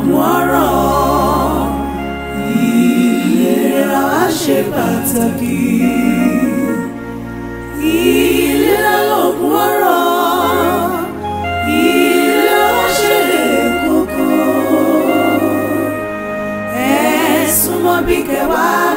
oògùn ọ̀rọ̀ ìlera wa ṣe pàtàkì. ìlera oògùn ọ̀rọ̀ ìlera wa ṣe kókó. ẹ súnmọ́ bí kẹwàá.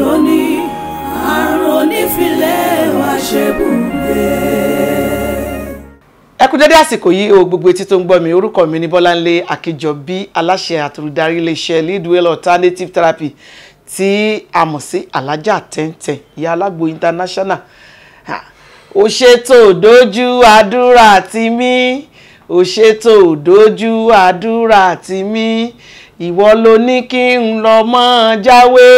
lónìí àrùn onífilẹ̀ wá ṣe bùgbé. ẹ kú dédé àsìkò yìí o gbogbo etí tó ń gbọ́ mi orúkọ mi ní bọ́láńlé akíjọbí aláṣẹ àtòlùdarí iléeṣẹ́ leadwell alternative therapy tí a mọ̀ sí alájà tẹ́ntẹ́ ìyá alágbo international ó ṣètò dojú àdúrà tìmí ó ṣètò dojú àdúrà tìmí ìwọ ló ní kí n lọ mọ́ jáwé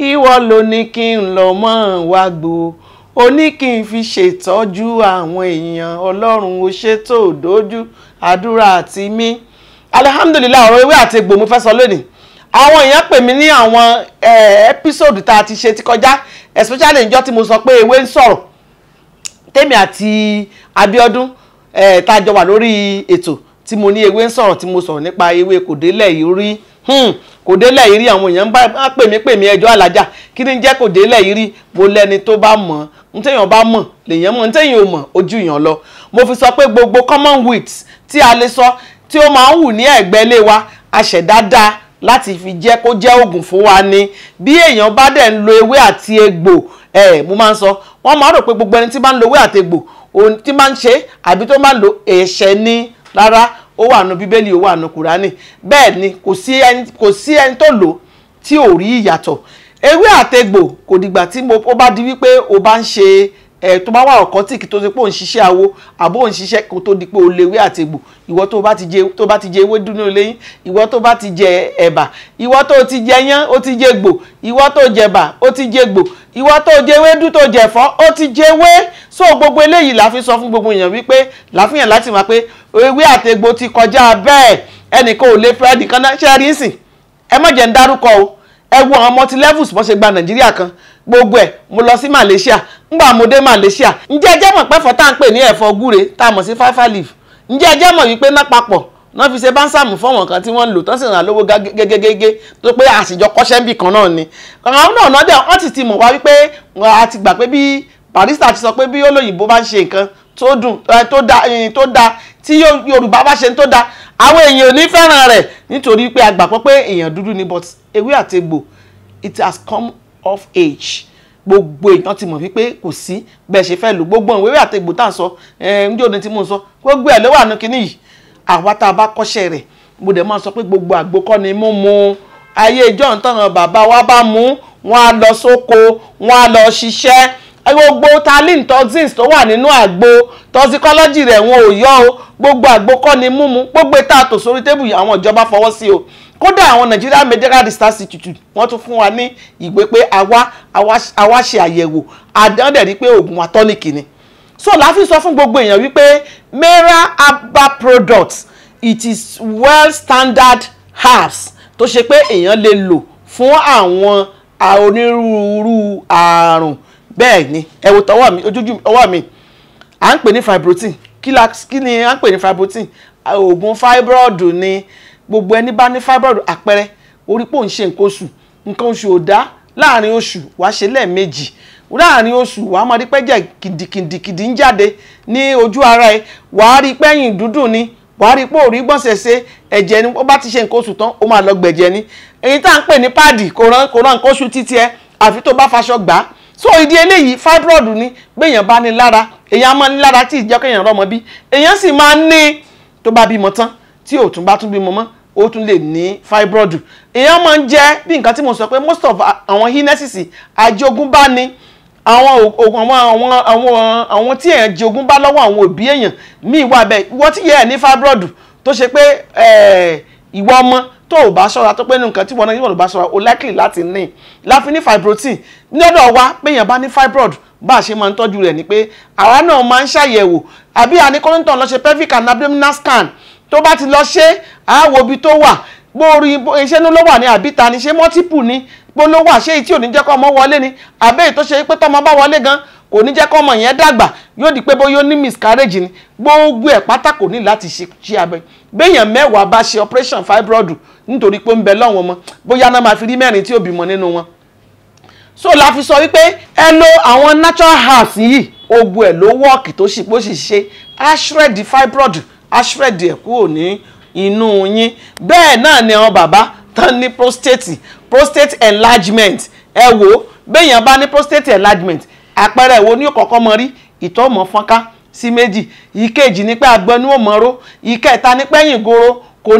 ìwọ ló ní kí n lọ mọ́ wá gbò ó ní kí n fi ṣètọ́jú àwọn èèyàn ọlọ́run ó ṣètò òdójú àdúrà àti mí alihamudulilayi ọ̀rọ̀ ewé àti egbò mo fẹ́ sọ lónìí àwọn èèyàn pè mí ní àwọn ẹ́písòdù tá a ti ṣe ti kọjá especially níjọ́ tí mo sọ pé ewé ń sọ̀rọ̀ tèmi àti Abíọ́dún tá a jọ wà lórí ètò tí mo ní ewé ń sọ̀rọ̀ tí mo sọ̀rọ̀ nípa ewé kòdélẹ̀ yìí rí hmm kò délẹ̀ yìí rí àwọn èèyàn bá pèmí pèmí ẹjọ́ alájà kí ni jẹ́ kò délẹ̀ yìí rí mo lẹ́ni tó bá mọ̀ ntẹ̀yàn bá mọ̀ lèèyàn mọ̀ ntẹ̀yàn ò mọ̀ ojú èèyàn lọ mo fi sọ pé gbogbo commonwealth tí a lè sọ tí ó máa ń wù ní ẹ̀gbẹ́ ilé wa àṣẹ̀dáadáa láti fi jẹ́ kó jẹ́ oògùn fún wa ni bí èèyàn bá dẹ̀ ń lo ewé àti egbò ẹ̀ mo máa ń sọ wọ́n máa rò pé gbogbo ẹni tí máa ń lo ewé àti egbò tí máa ń ṣe àbí tó máa ń lo ẹ̀ṣẹ̀ ni rárá ó wà nù bíbélì ó wà nù kùránì bẹ́ẹ̀ ni kò sí ẹni tó lò tí ò rí ìyàtọ̀ ewé àtegbò kò dìgbà tí ó bá di wípé o bá ń ṣe ẹ tó bá wà ọkọtìkì tó ṣe pé òun ṣiṣẹ́ awo àbó òun ṣiṣẹ́ kó tó di pé o lè wé àtegbò ìwọ tó bá ti jẹ tó bá ti jẹ ewé dúró lẹ́yìn ìwọ tó bá ti jẹ ẹ̀bà ìwọ tó ti jẹ yán ó ti jẹ gbò ìwọ tó jẹ̀bà ó ti jẹ gbò ìwà tó jẹwé dú tó jẹ̀fọ́ ó ti jẹwé so gbogbo eleyi la fi sọ fún gbogbo èèyàn wípé láfihàn láti mọ̀ pé ewé àtegbò ti kọjá bẹ́ẹ̀ ẹnìkan ò lè fẹ́ nìkan náà ṣe é rí ń sìn ẹ má jẹ́ ń o ẹ wo àwọn multi levels bó ṣe gba nàìjíríà kan gbogbo ẹ̀ mo lọ sí Malaysia ngbà mo dé Malaysia ǹjẹ́ ẹ jẹ́ mọ̀ pẹ́fọ́ tá à ń pè ní ẹ̀fọ́ gúre tá a mọ̀ sí fáfá leaf ǹjẹ́ ẹ jẹ́ mọ̀ wípé náà papọ̀ náà fi ṣe bánsàmù fọ́wọ̀n kan tí wọ́n lò tán sì ràn lówó gégégégé tó pé àṣìjọ kọ́ṣẹ́ ń bì kan náà ni àwọn náà náà dẹ̀ wọ́n ti ti mọ̀ wá wípé a ti gbà pé bí barista ti sọ pé bí olóyìnbó bá ń ṣe nǹkan tó dùn tó da tí yorùbá bá ṣe tó da àwọn èèyàn ò ní fẹ́ràn rẹ̀ nítorí pé a pé èèyàn dúdú ni but ewé àtegbò it has come of age gbogbo èèyàn ti mọ̀ wípé kò sí bẹ́ẹ̀ ṣe fẹ́ lò gbogbo ìwé àtegbò tá à ń sọ ẹ̀ ń jóni tí mò ń sọ gbogbo ẹ̀ ló wà nù kínní yìí àwa tá a bá kọ́ṣẹ́ rẹ̀ mo dẹ̀ máa sọ pé gbogbo àgbo kọ́ ni mú mu ayé ìjọ ìtàn bàbá wa bá mú wọn á lọ sóko wọn á lọ ṣiṣẹ́ gbogbo talin toxins tó wà nínú àgbo toxicology rẹ̀ wọn ò yọ o gbogbo àgbo kọ́ ni mú mu gbogbo ètò àtò sórí tébù àwọn ìjọba fọwọ́ sí o kódà àwọn Nigeria Medical Research Institute wọ́n tún fún wa ní ìgbé pé àwa àwa ṣe àyẹ̀wò àdáńdẹ̀ rí pé oògùn atọ́nìkì ni so láfi sọ fún gbogbo èèyàn wípé mera herbal products it is well standard herbs tó ṣe pé èèyàn lè lò fún àwọn onírúurú àrùn bẹ́ẹ̀ ni ẹ wo tọwọ́ mi ojújú ọwọ́ mi à ń pè ní fibrotin kí ni à ń pè ní fibrotin oògùn fibroid ni gbogbo ẹni bá ní fibroid àpẹẹrẹ orí pò ń ṣe nǹkan oṣù nǹkan oṣù ò dá láàrin oṣù wàá ṣe lẹ́ẹ̀mejì láàrin oṣù wa máa rí pé jẹ́ kìdìkìdìkìdì ń jáde ní ojú ara ẹ wàá rí pẹ́yìn dúdú ni wàá rí pé òrí gbọ̀nsẹ̀ ṣe ẹ̀jẹ̀ ni ó bá ti ṣe nǹkan oṣù tán ó máa lọ gbẹ̀jẹ̀ ni èyí tá à ń pè ní páàdì kò rán kò rán nǹkan oṣù títí ẹ àfi tó bá faṣọ gbà á so ìdí eléyìí fibroid ni gbèyàn bá ní lára èyàn máa ní lára tí ìjẹ́ kéèyàn rọ́mọ bí èyàn sì máa ní tó bá bímọ tán tí ò tún bá tún bímọ mọ́ ó tún lè ní fibroid èyàn máa ń jẹ́ bí nǹkan tí mo sọ pé most of àwọn illnesses àjogúnbá ni àwọn àwọn àwọn àwọn àwọn tí èèyàn jogún bá lọ́wọ́ àwọn òbí èèyàn míì wà bẹ́ẹ̀ ìwọ tí yẹ ẹ̀ ní fibroid tó ṣe pé eh, ìwọ ọmọ tó o bá ṣọ́ra tó pé nǹkan tí wọn náà yóò bá ṣọ́ra o likely láti ní láfi ní fibrotin ní ọ̀dọ̀ wa pé èèyàn bá ní fibroid bá a ṣe máa ń tọ́jú rẹ̀ ni pé àwa náà máa ń ṣàyẹ̀wò àbí àníkọ́ńtàn lọ ṣe pelvic and abdominal scan tó bá ti lọ ṣe àá wo ibi tó wà bóorí iṣẹ́ ní ló wà ní àbíta ni ṣé multiple ni bó ló wà ṣé tí ò ní jẹ́ kọ́ ọmọ wọlé ni àbẹ́yìí tó ṣe pé tọ́mọ bá wọlé gan kò ní jẹ́ kọ́ ọmọ yẹn dàgbà yóò di pé bó yóò ní miscarriage ni gbogbo ẹ̀ pátá kò ní láti ṣe abẹ béèyàn mẹ́wàá bá ṣe operation fibroid nítorí pé ń bẹ lọ́wọ́n wọn bóyá náà máa fi rí mẹ́rin tí ò bímọ nínú wọn so la fi sọ wípé ẹ lo àwọn natural herbs yìí ogun ẹ̀ ló wọ́ọ̀kì tó ṣe pé ó ṣe ashred fibroid ashred ẹ̀ kúrò ní inú yín bẹ́ẹ̀ náà ni àwọn bàbá tán ní prostate prostate enlargement ẹ wò ó béèyàn bá ní prostate enlargement àpẹẹrẹ wo ní kọ̀ọ̀kan mọ rí ìtọ̀ mọ́ fọ́nká sí méjì ìkejì ni pé agbọnú òmòró ìkẹta ni pé ẹ̀yìn goro kò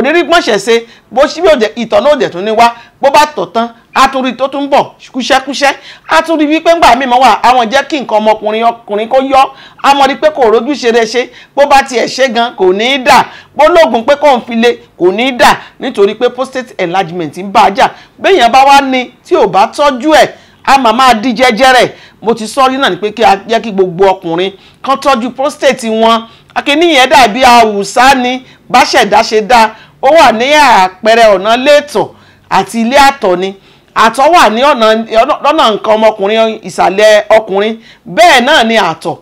ní rí gbọ̀nsẹ̀ ṣe bó ṣí bí ìtọ̀ náà ò dẹ̀ tún ní wá bó bá tọ̀ tán àtòrí tó tún bọ̀ kúṣẹ́kúṣẹ́ àtòrí wípé ńgbà mímọ́ wà àwọn jẹ́ kí nǹkan ọmọkùnrin ọkùnrin kó yọ amọ̀rí pé kò rójú ṣeré ṣe bó bá tiẹ̀ ṣe gan kò ní í dà gbólóògùn pé kò ń file kò ní í dà nítorí pé prostate enlargement ń bá a jà béèyàn bá wá ní tí ò bá tọ́jú ẹ̀ a máa máa di jẹjẹrẹ mo ti sọ rí náà ni pé kí a jẹ́ kí gbogbo ọkùnrin kan tọ́jú prostate wọn akínníyẹn bi àwùsá ni báṣẹ̀dá ṣe dá ó wà ní àpẹẹrẹ ọ̀nà léètọ̀ àti ilé àtọ̀ ni àtọ̀ wà ní ọ̀nà nǹkan ọmọkùnrin ìsàlẹ̀ ọkùnrin bẹ́ẹ̀ náà ni àtọ̀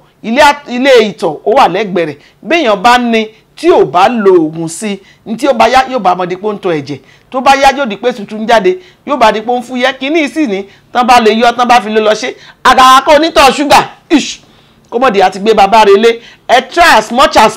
ilé ìtọ̀ ó wà lẹ́gbẹ̀ẹ́ rẹ̀ béèyàn bá ní tí ò bá lo oògùn sí i ní tí ó bá yá yóò bá ọmọdé pé ó ń tọ ẹ̀jẹ̀ tó bá yá yóò di pé tuntun jáde yóò bá di pé ó ń fúyẹ́ kínní sì ní tán bá lè yọ tán bá fi lè lọ ṣe àgàrà kan onítọ̀ ṣúgà ish kọ́mọ̀dé àti gbé bàbá rẹ̀ lé ẹ try as much as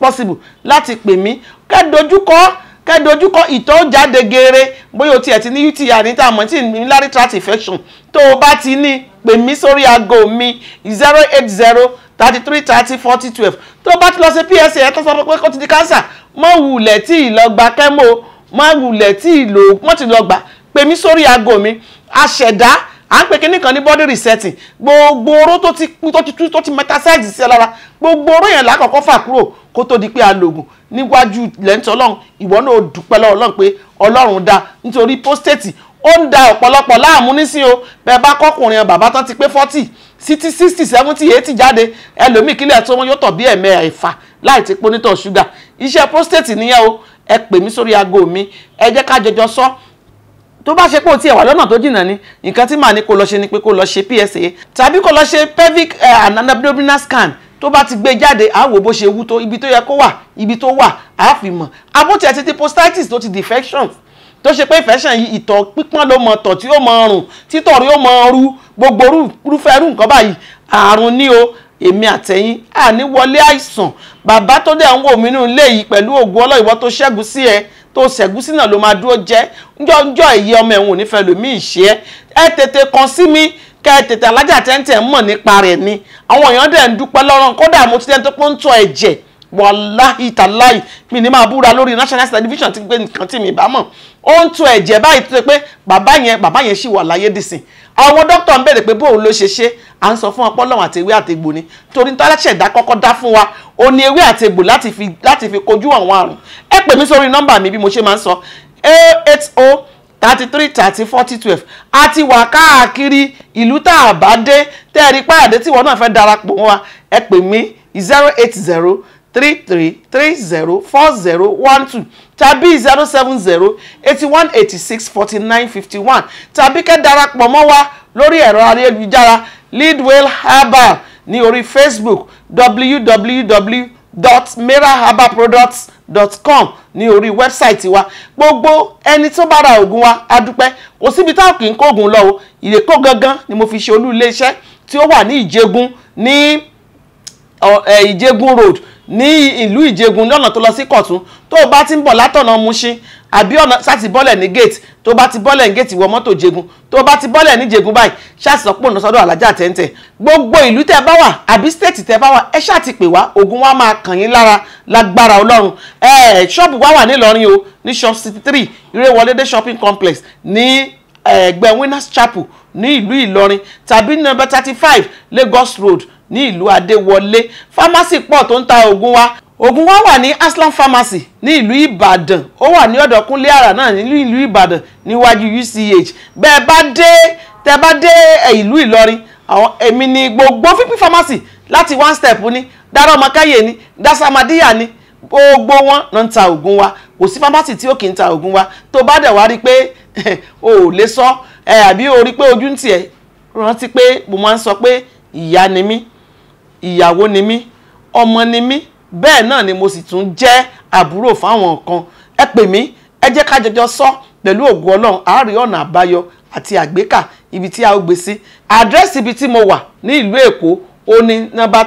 possible láti pè mí kẹ́ dojúkọ kẹ́dojúkọ ìtọ̀ jáde geere bóyá o tiẹ̀ ti ní uti àníta àmọ́ tí ní larry tract infection tó o bá ti ní pè mí sórí aago mi zero eight zero thirty three thirty forty twelve tó o bá ti lọ sí psa ẹ̀ tó sọ pé kó ti di cancer mọ́ wulẹ̀ tí ì lọ gba kẹ́mò mọ́ wulẹ̀ tí ì lò mọ́ ti lọ gbà pè mí sórí aago mi aṣẹ̀dá à ń pè kíní kan ní body resetting gbogbo oró tó ti tú tó ti metasize sí ẹ lára gbogbo oró yẹn lákọ̀ọ́kọ́ fà kúrò kó tó di pé a lògùn níwájú lẹ́ńtọ́ ọlọ́run ìwọ náà dúpẹ́ lọ́wọ́ ọlọ́run pé ọlọ́run dá nítorí prostate ó ń da ọ̀pọ̀lọpọ̀ láàmú nísìn o bẹ́ẹ̀ bá kọkùnrin bàbá tán ti pé forty sixty sixty seventy eighty jáde ẹlòmíì kílẹ̀ tó wọn yóò tọ̀ bí ẹ̀mẹ́ ẹ̀fà láì ti ponítọ̀ ṣúgà iṣẹ́ prostate nìyẹn o ẹ pè mí sórí aago mi ẹ jẹ́ ká jọjọ sọ tó bá ṣe pé o tiẹ̀ wà lọ́nà tó jìnnà ni nǹkan tí màá ní kó lọ ṣe ni pé kó lọ ṣe PSA tàbí kó lọ ṣe pelvic eh, and scan tó bá ti gbé jáde à ń wò bó ṣe wú tó ibi tó yẹ kó wà ibi tó wà à á fi mọ̀ àbótiẹ̀ ti di prostatitis tó ti defections tó ṣe pé infection yìí ìtọ̀ pípọ́n ló mọ tọ̀ tí ó mọ rùn títọ̀ rí ó mọ rú gbogbo rúfẹ́ rú nǹkan báyìí àrùn ni o èmi àtẹ̀yìn àní wọlé àìsàn bàbá tó dẹ̀ ń wò mí nínú ilé yìí pẹ̀lú ògùn ọlọ́yìnbó tó ṣẹ́gun sí ẹ tó ṣẹ́gun sí náà ló máa dúró jẹ́ ńjọ́ ńjọ́ èyí ọmọ ẹ̀hún ò ní fẹ́ lòmíì ṣe é ẹ tètè kàn sí mi kẹ́ tètè alájà tẹ́ntẹ́ mọ̀ nípa rẹ̀ ni àwọn èèyàn dẹ̀ ń dúpẹ́ lọ́rùn kódà mo ti dẹ́n tó pé ń tọ́ ẹ̀jẹ̀ wàláhì tàláì mi ní máa búra lórí national television ti gbé nǹkan tí mi bá mọ̀ ó ń tọ́ ẹ̀jẹ̀ báyìí tó pé bàbá yẹn bàbá yẹn ṣì wà láyé dìsìn àwọn dókítà ń bèrè pé bóun ló ṣe ṣe à ń sọ fún ọpọlọ́wọ̀n àti ewé àtegbò ni torí tó aláṣẹ̀dá kọ́kọ́ dá fún wa ó ní ewé àtegbò láti fi kojú àwọn àrùn ẹ pè mí sórí nọ́mbà mi bí mo ṣe máa ń sọ 080 thirty three thirty forty twelve a ti wà káàkiri ìlú tá a bá dé tẹ́ ẹ rí páàdé tí ìwọ náà fẹ́ darapọ̀ wa ẹ pè mí zero eight zero three three three zero four zero one two tàbí zero seven zero eighty one eighty six forty nine fifty one tàbí kẹ́ darapọ̀ mọ́ wa lórí ẹ̀rọ ayélujára leadwell herbal ní orí facebook www dot meraherbalproducts.com ní orí wẹ́bsáìtì wa gbogbo ẹni tó bá ra oògùn wa a dúpẹ́ kò síbi tá a kì í kóògùn lọ o ìrèkó gangan ni mo fi ṣe olú iléeṣẹ́ tí ó wà ní ìjẹgun ní ìjẹgun road ní ìlú ìjẹgun ní ọ̀nà tó lọ sí kọ̀tún tó o bá ti ń bọ̀ látọ̀nà Mushin àbí ọ̀nà sáti bọ́lẹ̀ ní gate tó o bá ti bọ́lẹ̀ ní gate wọ mọ́tò jẹgun tó o bá ti bọ́lẹ̀ ní jẹgun báyìí ṣàṣọpọ̀ ọ̀nà sọ́dọ̀ alájà tẹ́ntẹ́ gbogbo ìlú tẹ́ bá wà àbí state tẹ́ bá wà ẹ ṣáà ti pè wá ogun wa máa kàn yín lára lágbára ọlọ́run ẹ ṣọ́ọ̀bù wa wà nílọrin o ní shop city three ìrẹ́wọlédé shopping complex ní ẹ̀gbẹ́ winners chapel ní ìlú ìlọrin tàbí number thirty five lagos road ní ìlú adéwọlé fámásì pọ̀ tó ń ta oògùn wa oògùn wa wà ní aslam pharmacy ní ìlú ìbàdàn ó wà ní ọ̀dọ̀ kúnlé àrà náà ní ìlú ìbàdàn níwájú uch bẹ́ẹ̀ bá dé tẹ́ bá dé ìlú ìlọrin àwọn èmi ni gbogbo fífi pharmacy láti one step ni dára ọmọ káyè ni dásámadíyà ni gbogbo wọn ló ń ta oògùn wa kò sí pharmacy tí ó kì í ta oògùn wa tó bá dẹ̀ wá rí i pé o ò lè sọ àbí o rí i pé ojú ń tiẹ̀ rántí pé mo máa ń sọ pé ìyá ni mí ìyàwó ni mí ọmọ ni mí bẹ́ẹ̀ náà ni mo sì tún jẹ́ àbúrò fáwọn kan ẹ pè mí ẹ jẹ́ ká jọjọ sọ pẹ̀lú ògùn ọlọ́run a rí ọ̀nà àbáyọ àti àgbékà ibi tí a ó gbé sí àdírẹ́sì ibi tí mo wà ní ìlú èkó ó ní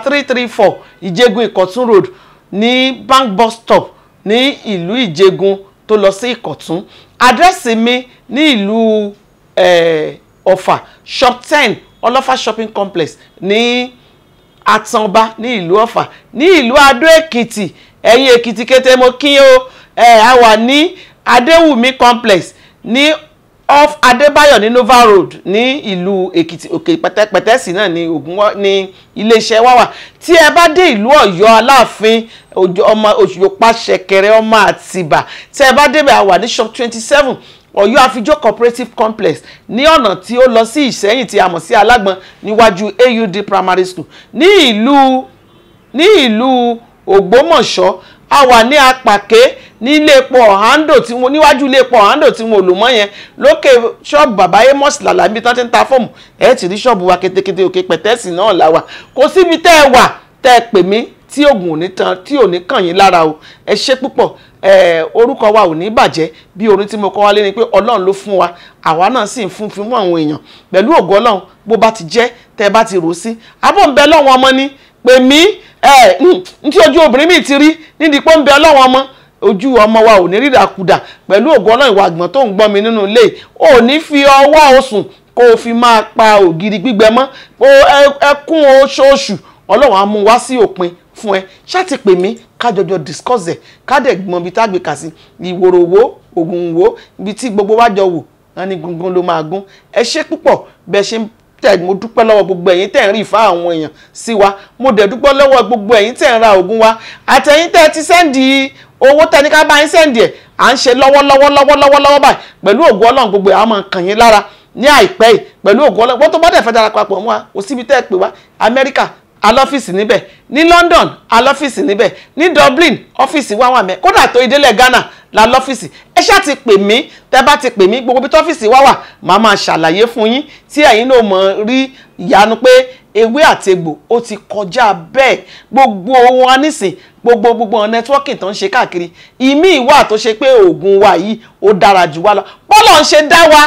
three three four ìjẹgun ìkọ̀tún road ní bank bus stop ní ìlú ìjẹgun tó lọ sí ìkọ̀tún àdírẹ́sì mi ní ìlú eh, ọ̀fà shop ten ọlọ́fà shopping complex ní àtànbá ní ìlú ọ̀fà ní ìlú adó èkìtì ẹ̀yìn èkìtì kété mo kí o ẹ̀ a wà ní adéwùmí complex ní off adébáyọ̀ ní nova road ní ìlú èkìtì òkè pẹ̀tẹ́sì náà ní ògùn ní iléeṣẹ́ wa wà tí ẹ bá dé ìlú ọ̀yọ́ aláàfin ọmọ òṣùpá ṣẹ̀kẹ̀rẹ̀ ọmọ àtìbà tí ẹ bá débẹ̀ a ní shop twenty seven Ọ̀yọ́ Afijó Cooperative Complex ni ọ̀nà tí ó lọ sí Ìṣẹ́yìn tí a mọ̀ sí Alágbọn níwájú AUD Primary School ni ilu ni ilu Ògbómọ̀ṣọ́ a wà ni apàké ni lepo epo ọ̀hándò tí wọn níwájú ilé epo ọ̀hándò tí wọn ò lò mọ́ yẹn lókè ṣọ́ọ̀bù bàbá amos làlá ibi tán ti ń ta fọ́ọ̀mù ẹ̀ ti rí ṣọ́ọ̀bù wa ketekete òkè pẹ̀tẹ́sì náà là wà kò síbi tẹ́ ẹ wà tẹ́ ẹ tí oògùn ò ní tan tí ò ní kàn yín lára o ẹ ṣe púpọ̀ orúkọ wa ò ní bàjẹ́ bí orin tí mo kọ́ wálé ni pé ọlọ́run ló fún wa àwa náà sì ń fún fi mú àwọn èèyàn pẹ̀lú ògo ọlọ́run bó bá ti jẹ́ tẹ́ bá ti rò sí abọ́ ń bẹ lọ́wọ́n ọmọ ni pè mí hmm, n tí ojú obìnrin mi ti rí nídìí pé ń bẹ lọ́wọ́n ọmọ ojú ọmọ wa ò ní ríràkudà pẹ̀lú ògo ọlọ́run ìwà àgbọ̀n tó ń gbọ́n mi nínú ilé ò ní fi ọwọ́ osùn kó o fi máa pa ògiri gbígbẹ mọ́ ẹkún oṣooṣù ọlọ́run á mú wá sí òpin fún ẹ ṣáà ti pè mí kájọjọ discuss ẹ kádẹ̀gbọ́n ibi tá a gbé kà sí ìwòrò wo ògùn wo ibi tí gbogbo wa jọ wò wọn ní gungun ló máa gún ẹ ṣe púpọ̀ bẹ́ẹ̀ ṣe ń tẹ̀ mo dúpẹ́ lọ́wọ́ gbogbo ẹ̀yin tẹ̀ ń rí ìfá àwọn èèyàn sí wa mo dẹ̀ dúpẹ́ lọ́wọ́ gbogbo ẹ̀yin tẹ̀ ń ra ògùn wa àtẹ̀yin tẹ̀ ti sẹ́ndì owó tẹ̀ ní ká bá yín sẹ́ndì ẹ̀ à ń ṣe lọ́wọ́lọ́wọ́lọ́wọ́lọ́wọ́ báyìí pẹ̀lú ògùn ọlọ́run gbogbo ẹ̀ a máa kàn yín lára ní àìpẹ́ yìí pẹ̀lú ògùn ọlọ́run wọ́n tó bá dẹ̀ fẹ́ darapọ̀ mọ́ wa kò pè wá Amẹ́ríkà alọ́fíìsì níbẹ̀ ní London alọ́fíìsì níbẹ̀ ní Dublin ọ́fíìsì wá wà mẹ́ kódà tó ìdílé Ghana la lọ́fíìsì ẹ ṣáà ti pè mí tẹ́ bá ti pè mí gbogbo bí tọ́fíìsì wá wà màá máa ṣàlàyé fún yín tí ẹ̀yin náà mọ̀ rí ìyanu pé ewé àtegbò ó ti kọjá bẹ́ẹ̀ gbogbo ohun anísìn gbogbo gbogbo ọ̀nà nẹ́tíwọ́kì tó ń ṣe káàkiri ìmí ìwà tó ṣe pé oògùn wa yìí ó dára jù wá lọ bọ́lọ̀ ń ṣe dá wa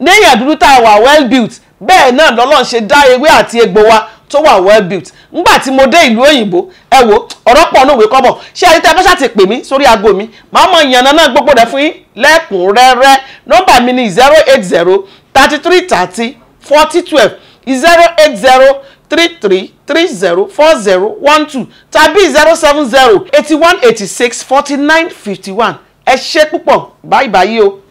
ní èèyàn tá a wà well built bẹ́ẹ̀ náà lọ́lọ́run ṣe dá ewé àti egbò wa tó wà well built ngbà tí mo dé ìlú òyìnbó ẹ wo ọ̀rọ̀ pọ̀ ní òwe kọ́bọ̀ ṣé ẹni tí a bá ṣàti pè mí sórí aago mi màá mọ ìyànnà náà gbogbo rẹ̀ fún yín lẹ́kùnrẹ́rẹ́ nọ́mbà mi ni zero eight zero thirty three thirty forty twelve zero eight zero three three three zero four zero one two tàbí zero seven zero eighty one eighty six forty nine fifty one ẹ ṣe púpọ̀ báyìí báyìí o.